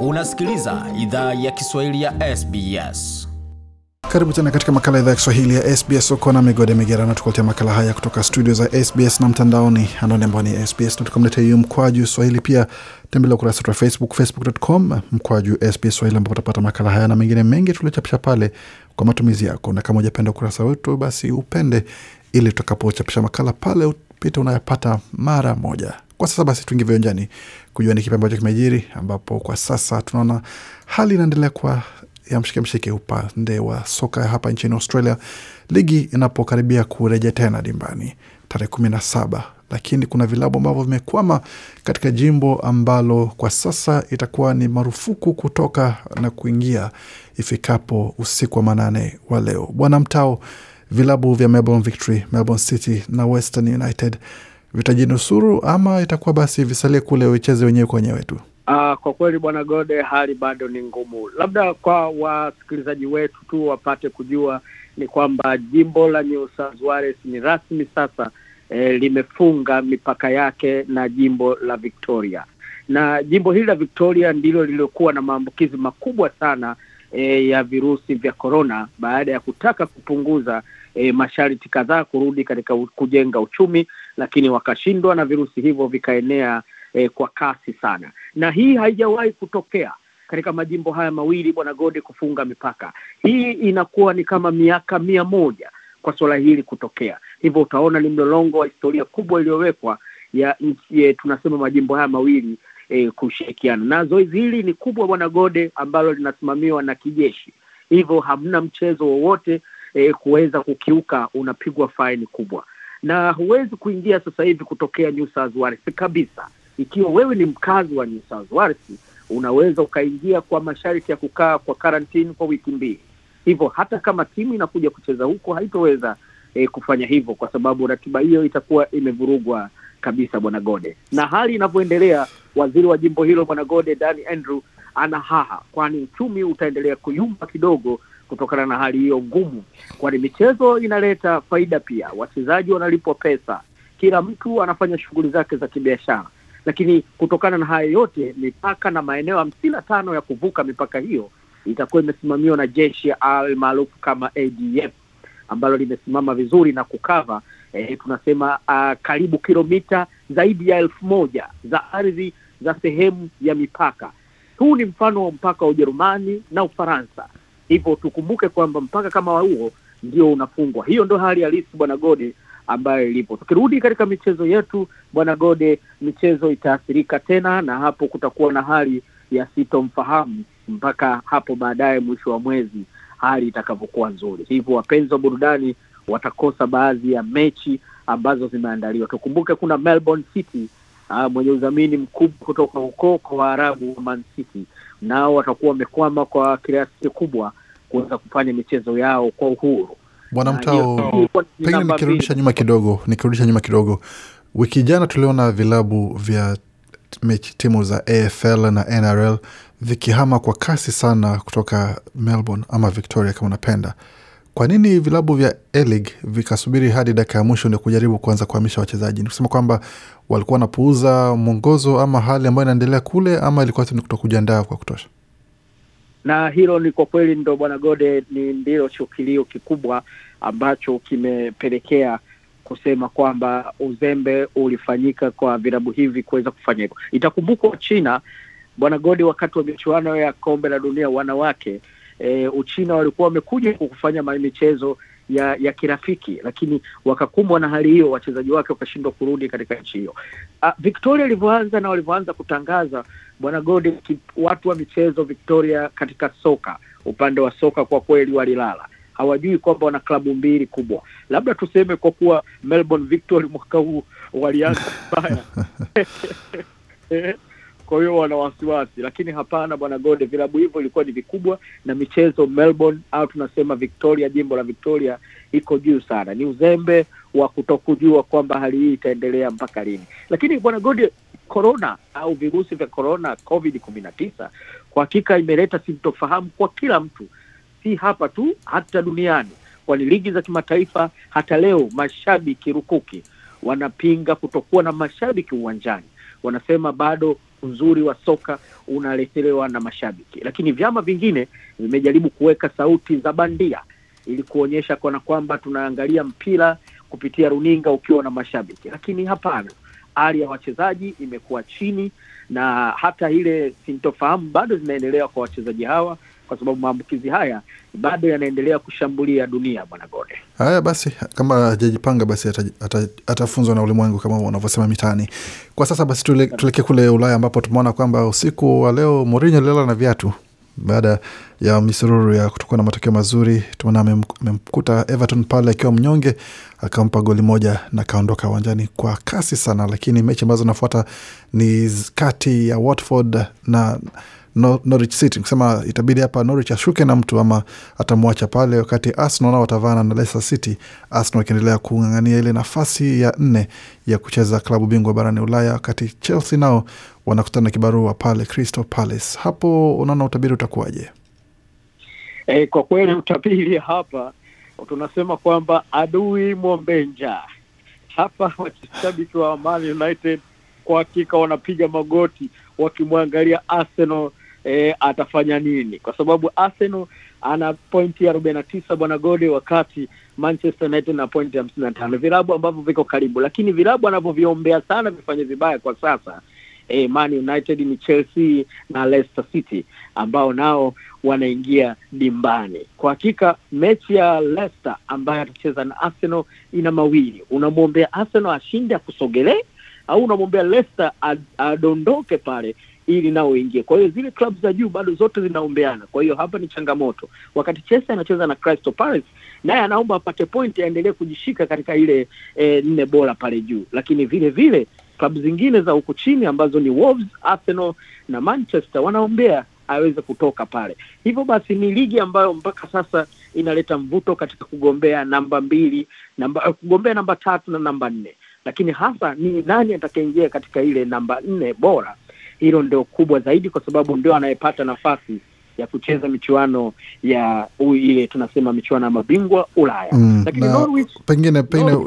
Unasikiliza idhaa ya Kiswahili ya SBS. Karibu tena katika makala idhaa ya Kiswahili ya SBS. Uko na migode migerano, tukuletea makala haya kutoka studio za SBS na mtandaoni, anaone ambao ni sbs.com.au mkwaju swahili. Pia tembelea ukurasa wetu wa Facebook, facebook.com mkwaju SBS Swahili, ambapo utapata makala haya na mengine mengi tuliochapisha pale kwa matumizi yako, na kama ujapenda ukurasa wetu, basi upende ili tutakapochapisha makala pale, pita unayapata mara moja. Kwa sasa basi, tuingie viwanjani kujua ni kipi ambacho kimejiri, ambapo kwa sasa tunaona hali inaendelea kwa ya mshike mshike upande wa soka hapa nchini Australia, ligi inapokaribia kurejea tena dimbani tarehe kumi na saba lakini kuna vilabu ambavyo vimekwama katika jimbo ambalo kwa sasa itakuwa ni marufuku kutoka na kuingia ifikapo usiku wa manane wa leo. Bwana Mtao, vilabu vya Melbourne Victory, Melbourne City na Western United vitajinusuru ama itakuwa basi visalie kule wicheze wenyewe kwa wenyewe tu? Uh, kwa kweli bwana Gode, hali bado ni ngumu. Labda kwa wasikilizaji wetu tu wapate kujua ni kwamba jimbo la New South Wales ni rasmi sasa eh, limefunga mipaka yake na jimbo la Victoria, na jimbo hili la Victoria ndilo lililokuwa na maambukizi makubwa sana e, ya virusi vya korona baada ya kutaka kupunguza e, masharti kadhaa kurudi katika kujenga uchumi, lakini wakashindwa na virusi hivyo vikaenea e, kwa kasi sana, na hii haijawahi kutokea katika majimbo haya mawili bwana Gode, kufunga mipaka hii inakuwa ni kama miaka mia moja kwa suala hili kutokea. Hivyo utaona ni mlolongo wa historia kubwa iliyowekwa ya nchi, tunasema majimbo haya mawili e, kushirikiana na zoezi hili ni kubwa bwana Gode, ambalo linasimamiwa na kijeshi, hivyo hamna mchezo wowote e, kuweza kukiuka, unapigwa faini kubwa na huwezi kuingia sasa hivi kutokea New South kabisa. Ikiwa wewe ni mkazi wa New South unaweza ukaingia kwa masharti ya kukaa kwa karantini kwa wiki mbili. Hivyo hata kama timu inakuja kucheza huko haitoweza eh, kufanya hivyo, kwa sababu ratiba hiyo itakuwa imevurugwa kabisa bwana Gode, na hali inavyoendelea, waziri wa jimbo hilo bwana Gode Dani Andrew ana haha, kwani uchumi utaendelea kuyumba kidogo kutokana na hali hiyo ngumu, kwani michezo inaleta faida pia, wachezaji wanalipwa pesa, kila mtu anafanya shughuli zake za kibiashara. Lakini kutokana na haya yote, mipaka na maeneo hamsini na tano ya kuvuka mipaka hiyo itakuwa imesimamiwa na jeshi al maarufu kama ADF ambalo limesimama vizuri na kukava e, tunasema uh, karibu kilomita zaidi ya elfu moja za ardhi za sehemu ya mipaka. Huu ni mfano wa mpaka wa Ujerumani na Ufaransa, hivyo tukumbuke kwamba mpaka kama huo ndio unafungwa. Hiyo ndo hali halisi Bwana Gode ambayo ilipo. Tukirudi katika michezo yetu Bwana Gode, michezo itaathirika tena, na hapo kutakuwa na hali ya sitomfahamu mpaka hapo baadaye mwisho wa mwezi hali itakavyokuwa nzuri. Hivyo wapenzi wa burudani watakosa baadhi ya mechi ambazo zimeandaliwa. Tukumbuke kuna Melbourne City uh, mwenye udhamini mkubwa kutoka huko kwa Waarabu wa Man City, nao watakuwa wamekwama kwa kiasi kikubwa kuweza kufanya michezo yao kwa uhuru. Bwana ah, Mtao, pengine nikirudisha nyuma kidogo, nikirudisha nyuma kidogo, wiki jana tuliona vilabu vya mechi timu za AFL na NRL vikihama kwa kasi sana kutoka Melbourne ama Victoria kama unapenda. Kwa nini vilabu vya A-League vikasubiri hadi dakika ya mwisho ndio kujaribu kuanza kuhamisha wachezaji? Ni kusema kwamba walikuwa wanapuuza mwongozo ama hali ambayo inaendelea kule, ama ilikuwa tu ni kutokujiandaa kwa kutosha? Na hilo ni kwa kweli, ndo bwana Gode, ni ndilo chukilio kikubwa ambacho kimepelekea kusema kwamba uzembe ulifanyika kwa vilabu hivi kuweza kufanya hivyo. Itakumbukwa China Bwana Godi, wakati wa michuano ya kombe la dunia wanawake e, Uchina walikuwa wamekuja kufanya michezo ya ya kirafiki, lakini wakakumbwa na hali hiyo, wachezaji wake wakashindwa kurudi katika nchi hiyo. Ah, Victoria ilivyoanza na walivyoanza kutangaza, Bwana Godi, watu wa michezo Victoria katika soka, upande wa soka kwa kweli walilala hawajui kwamba wana klabu mbili kubwa. Labda tuseme kwa kuwa Melbourne Victory mwaka huu walianza vibaya kwa hiyo wana wasiwasi, lakini hapana bwana Gode, vilabu hivyo ilikuwa ni vikubwa na michezo Melbourne au tunasema Victoria, jimbo la Victoria iko juu sana. Ni uzembe wa kutokujua kwamba hali hii itaendelea mpaka lini. Lakini bwana Gode, korona au virusi vya korona covid kumi na tisa kwa hakika imeleta sintofahamu kwa kila mtu, si hapa tu, hata duniani, kwani ligi za kimataifa hata leo mashabiki rukuki wanapinga kutokuwa na mashabiki uwanjani, wanasema bado uzuri wa soka unaletelewa na mashabiki, lakini vyama vingine vimejaribu kuweka sauti za bandia ili kuonyesha kana kwamba tunaangalia mpira kupitia runinga ukiwa na mashabiki, lakini hapana, hali ya wachezaji imekuwa chini na hata ile sintofahamu bado zinaendelea kwa wachezaji hawa kwa sababu maambukizi haya bado yanaendelea kushambulia dunia, bwana Gode. Haya basi, kama hajajipanga basi atafunzwa na ulimwengu kama unavyosema mitaani. Kwa sasa basi, tuelekee kule Ulaya ambapo tumeona kwamba usiku wa leo Mourinho alilala na viatu baada ya misururu ya kutokuwa na matokeo mazuri. Tumeona amemkuta Everton pale akiwa mnyonge, akampa goli moja na akaondoka uwanjani kwa kasi sana, lakini mechi ambazo nafuata ni kati ya Watford na Norwich City, kusema itabidi hapa Norwich ashuke na mtu ama atamwacha pale, wakati Arsenal nao watavana na Leicester City, Arsenal wakiendelea kung'ang'ania ile nafasi ya nne ya kucheza klabu bingwa barani Ulaya, wakati Chelsea nao wanakutana kibarua pale Crystal Palace. Hapo unaona utabiri utakuwaje? E, kwa kweli utabiri hapa tunasema kwamba adui mwombenja hapa. Washabiki wa Man United kwa hakika wanapiga magoti wakimwangalia Arsenal e, atafanya nini, kwa sababu Arsenal ana pointi arobaini na tisa bwana Gode, wakati Manchester United na pointi hamsini na tano vilabu ambavyo viko karibu, lakini vilabu anavyoviombea sana vifanye vibaya kwa sasa e, Man United ni Chelsea na Leicester City ambao nao wanaingia dimbani. Kwa hakika mechi ya Leicester ambayo atacheza na Arsenal ina mawili, unamwombea Arsenal ashinde akusogelee au unamwombea Leicester adondoke pale ili nao ingie. Kwa hiyo zile klabu za juu bado zote zinaombeana, kwa hiyo hapa ni changamoto. Wakati Chelsea anacheza na Crystal Palace, naye anaomba apate point aendelee kujishika katika ile e, nne bora pale juu, lakini vile vile klabu zingine za huku chini ambazo ni Wolves, Arsenal na Manchester wanaombea aweze kutoka pale. Hivyo basi ni ligi ambayo mpaka sasa inaleta mvuto katika kugombea namba mbili, namba eh, kugombea namba tatu na namba nne, lakini hasa ni nani atakayeingia katika ile namba nne bora hilo ndio kubwa zaidi, kwa sababu ndio anayepata nafasi ya kucheza michuano ya ile tunasema michuano ya mabingwa Ulaya. Mm, lakini na Norwich, pengine pengine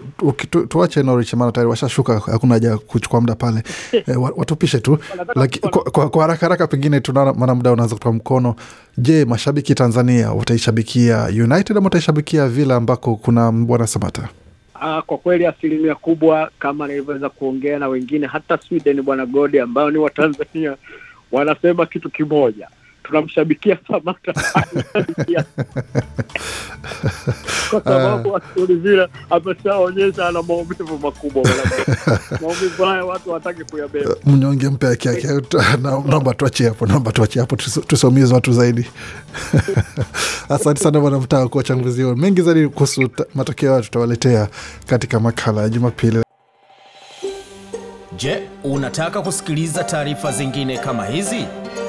Tuache Norwich maana tayari washashuka, hakuna haja kuchukua muda pale e, watupishe tu laki, kwa, kwa haraka haraka pengine tunaona maana muda unaanza kutoka mkono. Je, mashabiki Tanzania wataishabikia United ama wataishabikia Villa ambako kuna Bwana Samata? uh, kwa kweli asilimia kubwa kama nilivyoweza kuongea na wengine hata Sweden, bwana Godi, ambao ni Watanzania wanasema kitu kimoja tunamshabikia Samata kwa ah. sababu Astori ameshaonyesha ana maumivu makubwa, maumivu haya watu wataki kuyabeba. Mnyonge mpe haki yake. Eh. Naomba tuachie hapo, naomba tuachi hapo, tusomie watu zaidi. Asante sana Bwana Mtaa kwa uchambuzi huo. Mengi zaidi kuhusu matokeo hayo tutawaletea katika makala ya Jumapili. Je, unataka kusikiliza taarifa zingine kama hizi?